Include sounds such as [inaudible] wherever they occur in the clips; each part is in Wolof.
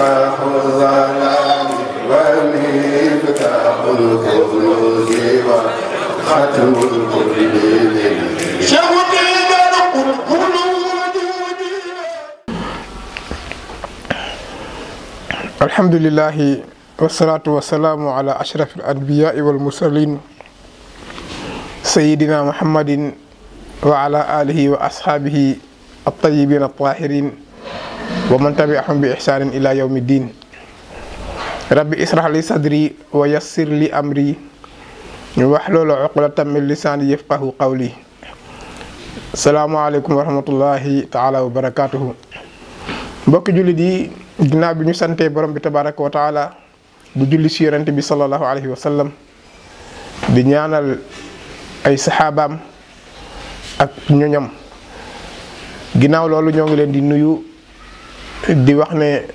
الحمد لله والصلاة والسلام على أشرف الأنبياء والمرسلين سيدنا محمد وعلى آله وأصحابه الطيبين الطاهرين wa man tabi'ahum bi ihsanin ila yawmi din rabbi israh li sadri wa yassir li amri wahlul uqdatan min lisani yafqahu qawli salaamaaleykum wa rahmatullahi taala wa barakaatuhu mbokki jullit yi ginnaaw bi ñu santee borom bi tabaraka wa taala bu julli si yonent bi sallallahu alayhi wa sallam ñaanal ay saxaabaam ak ñoñam ginnaaw loolu ñoo ngi leen di nuyu di wax ne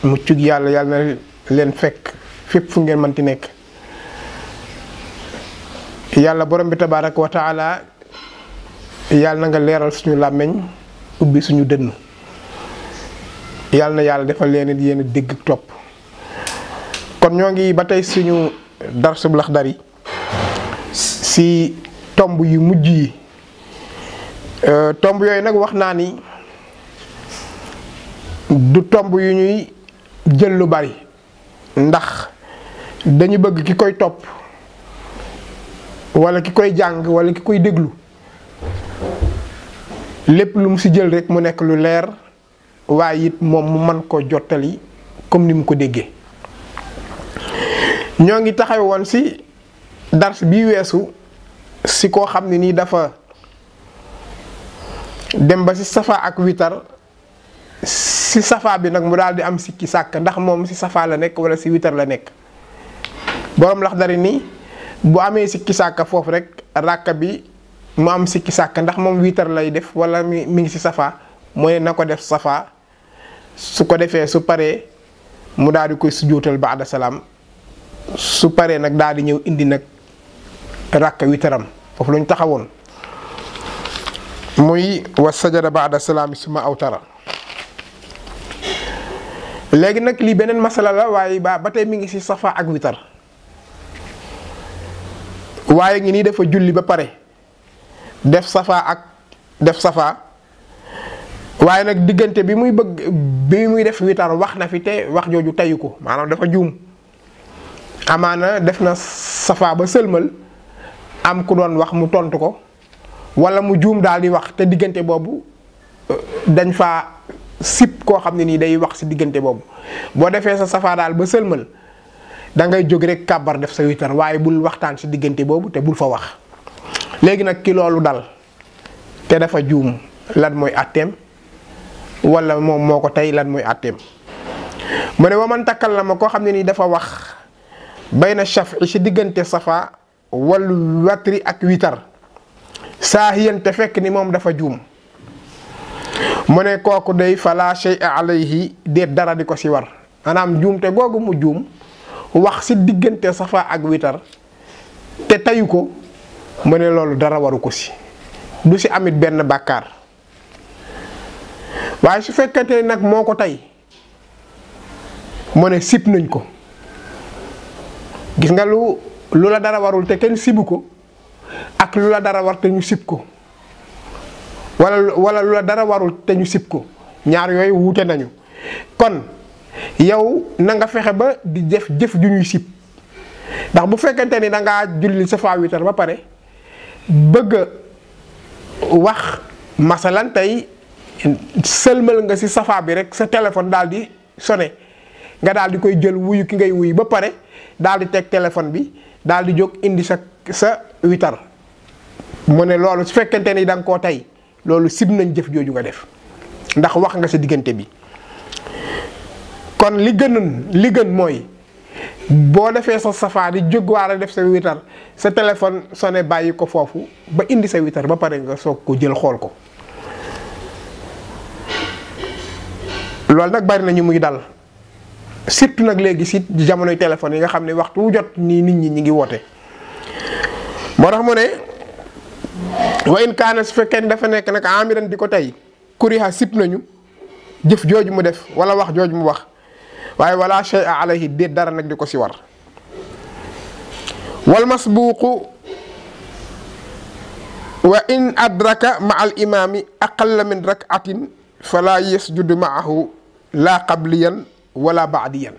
muccug yalla yalla na leen fekk fépp fu ngeen manti nek yalla borom bi tabarak wa taala yalla na nga leral suñu lameñ ubbi suñu dënn yalla na yalla defal len it yéen dégg kon ñongi batay suñu darsu si tombu yu mujjii euh tombu yoy nak wax na ni du tomb yu ñuy jël lu bari ndax dañu bëgg ki koy topp walla ki koy jàng wala ki koy déglu lépp lu mu ci jël rekk mu nekk lu leer waaye it moom mu mën koo jottali comme ni mu ko déggee ñoo ngi taxaw woon ci dars bi weesu ci koo xam ne nii dafa dem ba ci safa ak witar si safa bi nak mu daldi am sikki sak ndax mom si safa la nek wala si witer la nek borom lax dari ni bu amé sikki sak fofu rek ràkk bi mu am sikki sak ndax mom witer lay def wala mi ngi si safa moy nako def safa su ko defé su paré mu daldi koy sujootal baada salam su paré nak daldi ñew indi nak ràkk witeram fofu lañu taxawon muy wa sajada baada salam suma awtara léegi nag lii beneen masala la waaye ba ba tey mi ngi ci safa ak witar waaye ngi nii dafa julli ba pare def safa ak def safa waaye nag diggante bi muy bëgg bi muy def witar wax na fi te wax jooju teyu ko maanaam dafa juum amaana def na safa ba sëlmal am ku doon wax mu tontu ko walla mu juum daal di wax te diggante boobu euh, dañ fa sip koo xam ne nii day wax si diggante boobu boo defee sa safaa daal ba sëlmal da ngay jóg rek kàbbar def sa witar waaye bul waxtaan si diggante boobu te bul fa wax léegi nag ki loolu dal te dafa juum lan mooy àtteem wala moom moo ko tey lan mooy àtteem mu ne wa man takkal la ma koo xam ne nii dafa wax bay na chaf si diggante safa wallu watri ak witar saa yéen te fekk ni moom dafa juum mu ne kooku day fala shay alayhi déet dara di ko ci war maanaam juumte googu mu juum wax si diggante safa ak witar te tayu ko mu ne loolu dara waru ko ci du ci amit benn bàkkaar waaye su fekkente nag moo ko tey mu ne sib nañ ko gis nga lu lu la dara warul te kenn sibu ko ak lu la dara war te ñu sib ko wala wala lula dara warul te ñu sip ko ñaar yoy wuté nañu kon yow na nga fexé ba di jëf jëf ju ñuy sip ndax bu fekkante ni da nga julli sa faa witar ba pare bëgg wax masalan tay sëlmal nga ci safa bi rek sa téléphone daldi, di sone nga daal di koy jël wuyu ki ngay wuy ba pare Daldi di teg téléphone bi daldi di indi sa sa witar mo ne loolu su ni dang ko tay Lalu sib nañ jëf joju nga def ndax wax nga sa digënté bi kon li ligan li gën moy bo defee sa safa di wala def sa witar sa téléphone sone bayiko fofu ba indi sa witar ba paré nga soog ko jël xol ko loolu nak bari nañu muy dal surtout nak légui si jamono téléphone yi nga xamné ne waxtu wu jot ni nit ñi ñi ngi woté mo tax mo né wa in kaana su fekkee ni dafa nekk nag amiran di ko tey kuriha sib nañu jëf jooju mu def wala wax jooju mu wax waaye wala shay'a alayhi déet dara nag di ko si war wal masbuuqu wa in adraka ma al imaami aqalla min rak'atin fala yasjudu maahu laa qabliyan wala baadiyan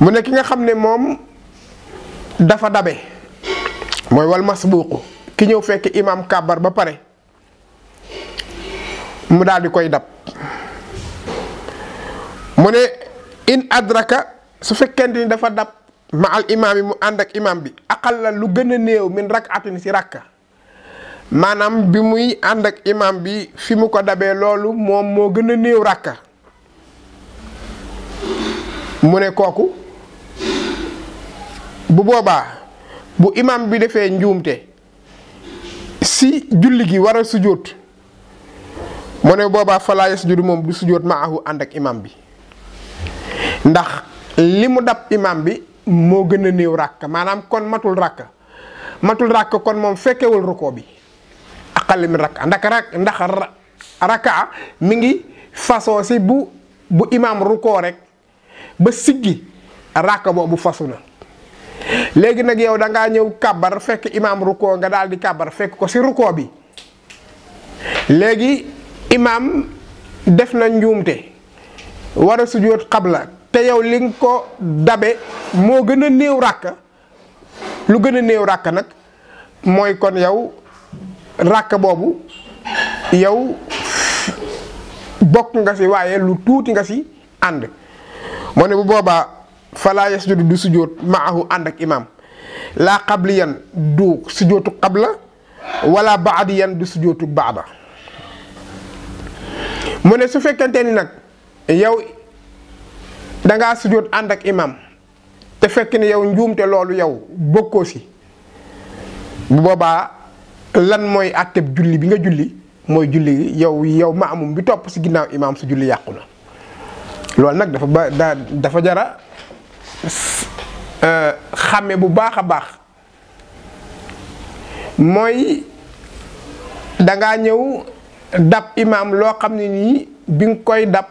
mu nekk ki nga xam ne moom dafa dabe mooy wal masbuuqu ki ñëw fekk imaam kàbbar ba pare mu daldi koy dab mu ne in adraka su fekkente ni dafa dab ma al imaam yi mu ànd ak imam bi akal la lu gën a néew min rakaatin si rakka maanaam bi muy ànd ak imam bi fi mu ko dabee loolu moom moo gën a néew rakka mu ne kooku bu boobaa bu imam bi defee njuumte si julli gi war a sujjóot mu ne boobaa falaa yasjudu moom du sujjóot maahu ànd ak imam bi ndax li mu dab imam bi moo gën a néew ràkk maanaam kon matul ràkk matul ràkk kon moom fekkewul rukkoo bi aqalli min ràkk ndax ràkk ndax ràkkaa mi ngi façon si bu bu imam rukkoo rek ba siggi ràkk boobu fasu na léegi nag yow dangaa ñëw kàbbar fekk imaam rukkoo nga daal di kàbbar fekk ko si rukkoo bi léegi imaam def na njuumte war a sujjóot xabla te yow li nga ko dabe moo gën a néew ràkk lu gën a néew ràkk nag mooy kon yow ràkk boobu yow bokk nga si waaye lu tuuti nga si ànd moo ne bu boobaa fala yasjudu du sujud maahu andak imam. La qabliyan du sujudu qabla wala ba'diyan du sujudu ba'da mune su fekante ni nak yow da nga sujud andak imam te fek ni yow njuumte lolou yow bokko si bu yau lan moy atep julli bi nga julli moy julli yow yow ma'mum bi top ci imam su julli yakuna lol nak dafa dafa jara Euh, xàmme bu baax a baax mooy danga ñëw dab imaam loo xam ne nii bi nga koy dab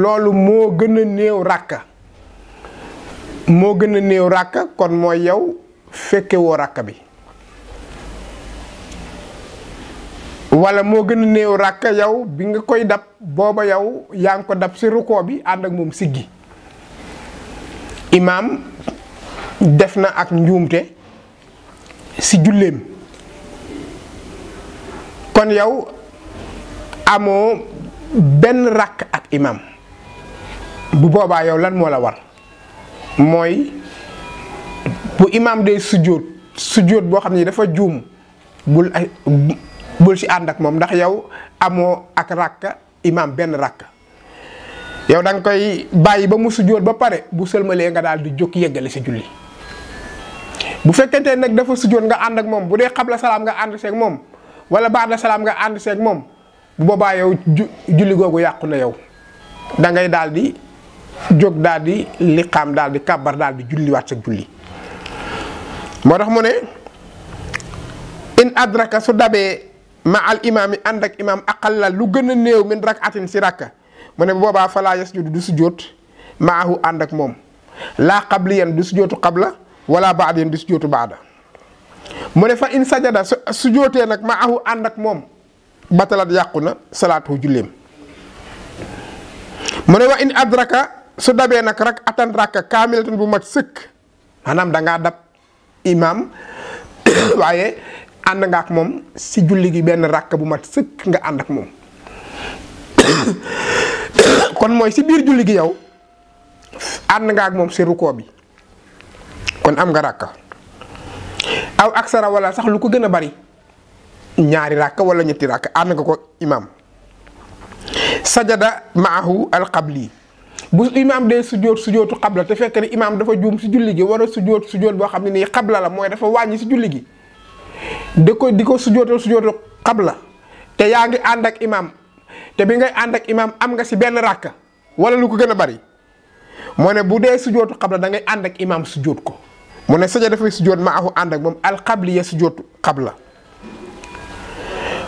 loolu moo gën a néew ràkk moo gën a néew ràkk kon mooy yow fekkewoo ràkk bi wala moo gën a néew ràkk yow bi nga koy dab booba yow yaa ngi ko dab si rukkoo bi ànd ak moom siggi imaam def na ak njuumte ci julleem kon yow amoo benn rakk ak imaam bu boobaa yow lan moo la war mooy bu imaam day sujjóot sujjóot boo xam ne dafa juum bul ay bul ci ànd ak moom ndax yow amoo ak rakk imaam benn rakk. yow danga koy bàyyi ba mu sujjóot ba pare bu sëlmalee nga daal di jóg yeggale sa julli bu fekkente nag dafa sujjóot nga ànd ak moom bu dee xabla salaam nga ànd moom wala baada salaam nga ànd seeg moom bu boobaa yow julli googu yàqu na yow dangay ngay daal di jóg daal di liqaam daal di kàbbar daal di julliwaat sa julli moo tax mu ne in adraka su dabee ma al imaam yi ànd ak imaam aqalla lu gën a néew min rakatin si rakka mu ne boobaa falaa yasjudu du sujjóot maahu ànd ak moom laa qabliyan du sujjóotu qabla wala baadiyan du sujjóotu baada mu ne fa in sajada sujjóotee nag ma maahu ànd ak moom batalat yàqu na salaatu julleem mu ne wa in adraka su dabee nag rak atan rakka kaamilatan bu mag sëkk maanaam da ngaa dab imaam [coughs] waaye ànd nga ak moom si julli gi benn rakk bu mat sëkk nga ànd ak moom [coughs] [coughs] kon moy ci bir julli gi yow and nga ak mom ci ruko bi kon am nga rakka aw aksara wala sax lu ko gëna bari ñaari rakka wala ñetti rakka and nga ko imam sajada maahu al-qabli bu Imam de sujud sujootu qabla te fekk ni imam dafa joom ci julli gi war sujud sujud bo xamni ni qabla la moy dafa wañi ci julli gi de ko diko ko sujootal qabla te yaangi ngi ak imam te bi ngay ànd ak imaam am nga si benn rakk wala lu ko gën a bari moo ne bu dee sujootu xabla da ngay ànd ak imaam sujoot ko mu ne sajda dafay sujoot ma ahu ànd ak moom alxabliya sujootu xabla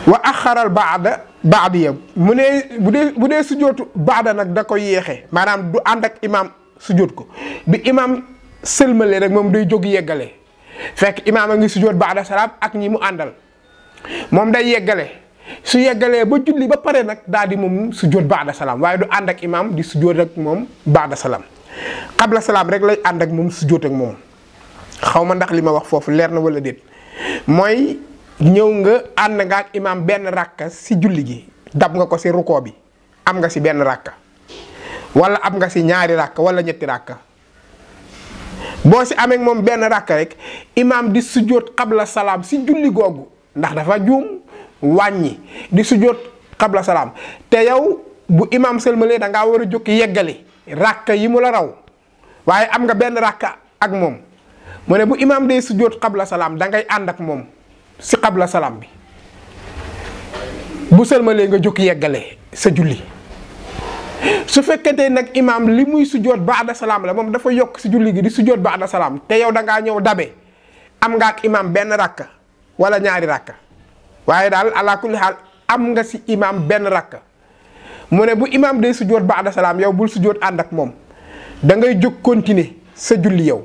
wa axaral baada baadiya mu ne bu dee bu dee sujootu baada nag da ko yéexe maanaam du ànd ak imaam sujoot ko bi imaam sëlmalee rek moom day jóg yeggale fekk imaam a ngi sujoot baada salaam ak ñi mu àndal moom day yeggale. su yeggale ba julli ba pare nak daldi mom moom sujjóot baada salam waaye du and ak imam di sujjóot ak mom baada salam qabla salam rek lay and ak moom sujjóot ak mom xawma ndax lima wax fofu leer na wala dit moy ñew nga Imam nga ak imam ben rakka si julli gi dab nga ko si ruko bi am nga si ben rakka wala am nga si ñaari rakka wala ñetti rakka bo si amee mom ben rakka rek imam di sujjóot qabla salam si julli gogu ndax dafa joom wàññi di sujjóot xabla salaam te yow bu imaam sëlmalee da ngaa war a jóg yeggale ràkk yi mu la raw waaye am nga benn ràkk ak moom mu ne bu imaam day sujjóot xabla salaam da ngay ànd ak moom si xabla salaam bi bu sëlmalee nga jóg yeggale sa julli su fekkente nag imaam li muy sujjóot baada salaam la moom dafa yokk si julli gi di sujjóot baada salaam te yow dangaa ñëw dabe am nga ak imaam benn ràkk wala ñaari ràkk waaye daal ala xaal am nga ci imaam benn rakk mu ne bu imaam day sujjóot ba àdda salaam yow bul sujjóot ànd ak moom da ngay jóg continuer sa julli yow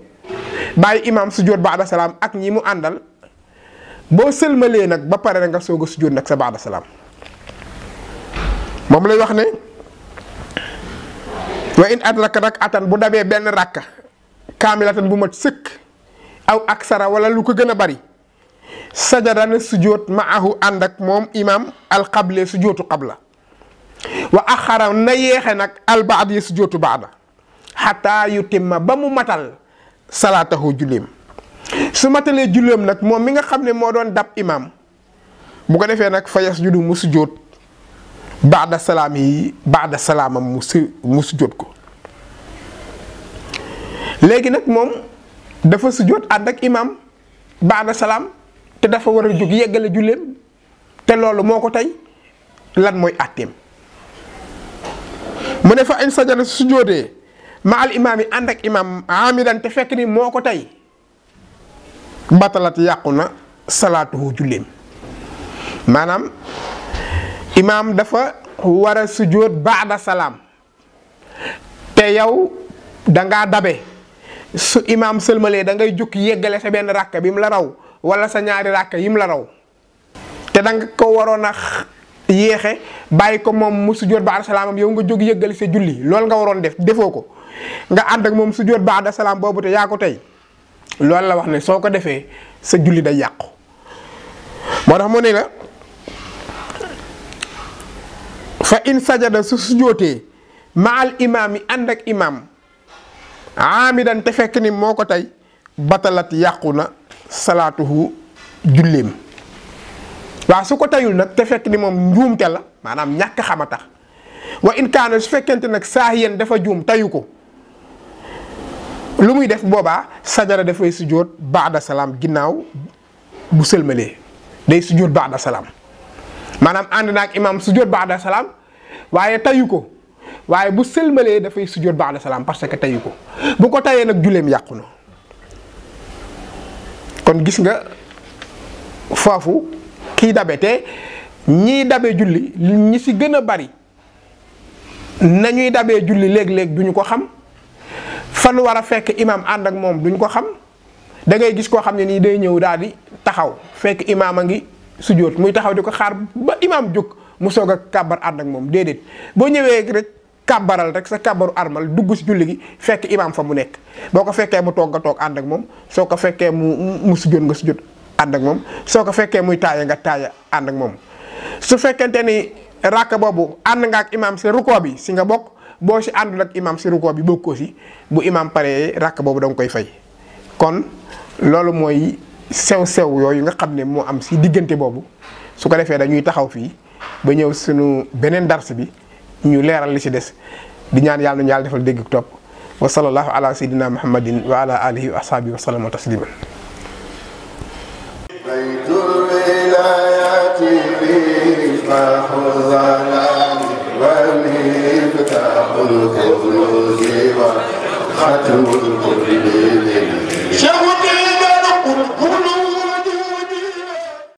bàyyi imaam sujjóot ba àdda salaam ak ñi mu àndal boo sëlmalee nag ba pare nga soog a sujjóot nag sa ba àdda salaam moom lay wax ne wa in adraka rak atan bu dabee benn rakka kaamilatan bu ma sëkk aw aksara wala lu ko gën a bari sajada na sujjóot maahu ànd ak moom imam alxable sujjóotu xabla wa axara na yeexe nag albaad ya sujjóotu baada xataa yu timma ba mu matal salaatahu julleem su matalee julleem nag moom mi nga xam ne moo doon dab imaam bu ko defee nag fa yasjudu mu sujjóot baada salaam yi baada salaamam mu su mu sujjóot ko léegi nag moom dafa sujjóot ànd ak imam baada salaam te dafa war a jóg yeggale julleem te loolu moo ko tey lan mooy àtteem mu ne fa in sajada su jóotee ma al imaam yi ànd ak imaam amidan te fekk ni moo ko tey batalat yàqu na salaatuhu julleem maanaam imaam dafa war a sujóot baada salaam te yow dangaa dabe su imaam sëlmalee da ngay jukki yeggale sa benn rakk bi mu la raw wala sa ñaari ràkka yim la raw te danga ko waroon a yéexe bàyyi ko moom mu sujjóot ba salaamam yow nga jóg yëggale sa julli lool nga waroon def defoo ko nga ànd ak moom sujjóot ba salaam boobu te yaa ko tey loolu la wax ne soo ko defee sa julli day yàqu moo tax mu ne la fa in sajada su sujjóotee maal imaam yi ànd ak imaam aamidan te fekk ni moo ko tey batalat yàqu na salaatuhu julleem waaw su ko tayul nag te fekk ni moom njuumte la maanaam ñàkk xama tax wa in kaana su fekkente nag saa saahiyan dafa juum tayu ko lu muy def boobaa sajara dafay sujjóot baada salaam ginnaaw bu sëlmalee day sujjóot baada salaam maanaam ànd na ak imaam sujjóot baada salaam waaye tayu ko waaye bu sëlmalee dafay sujjóot baada salaam parce que tayu ko bu ko tayee nag julleem yàqu na kon gis nga foofu kiy dabete ñiy dabe julli ñi si gën a bari nañuy dabe julli léeg-léeg duñu ko xam fan war a fekk imaam ànd ak moom duñ ko xam dangay gis koo xam ne nii day ñëw daal di taxaw fekk imaam a ngi sujjóot muy taxaw di ko xaar ba imaam jóg mu soog a kàbbar ànd ak moom déedéet boo ñëwee rek. kabaral rek sa kabaru armal dugg ci julli gi fekk imam fa mu nek boko fekke mu tok tok and ak mom. soko fekke mu mu sujjoon nga sujjoon and ak mom soko fekke muy taaya nga taaya and ak mom su fekkente ni ràkk bobu and nga ak imam si ruko bi si nga bok bo si àndul ak imam si ruko bi bokko ci bu imam pare rak bobu dang koy fay kon lolu moy sew-sew yooyu nga xamne mo am ci diggante bobu su ko defee dañuy taxaw fi ba ñew sunu benen dars bi ñu leeral li ci des di ñaan yàlla nañu yàlla defal dégg topp wa sallallahu ala sayyidina muhammadin wa ala alihi wa ashabihi wa sallama taslima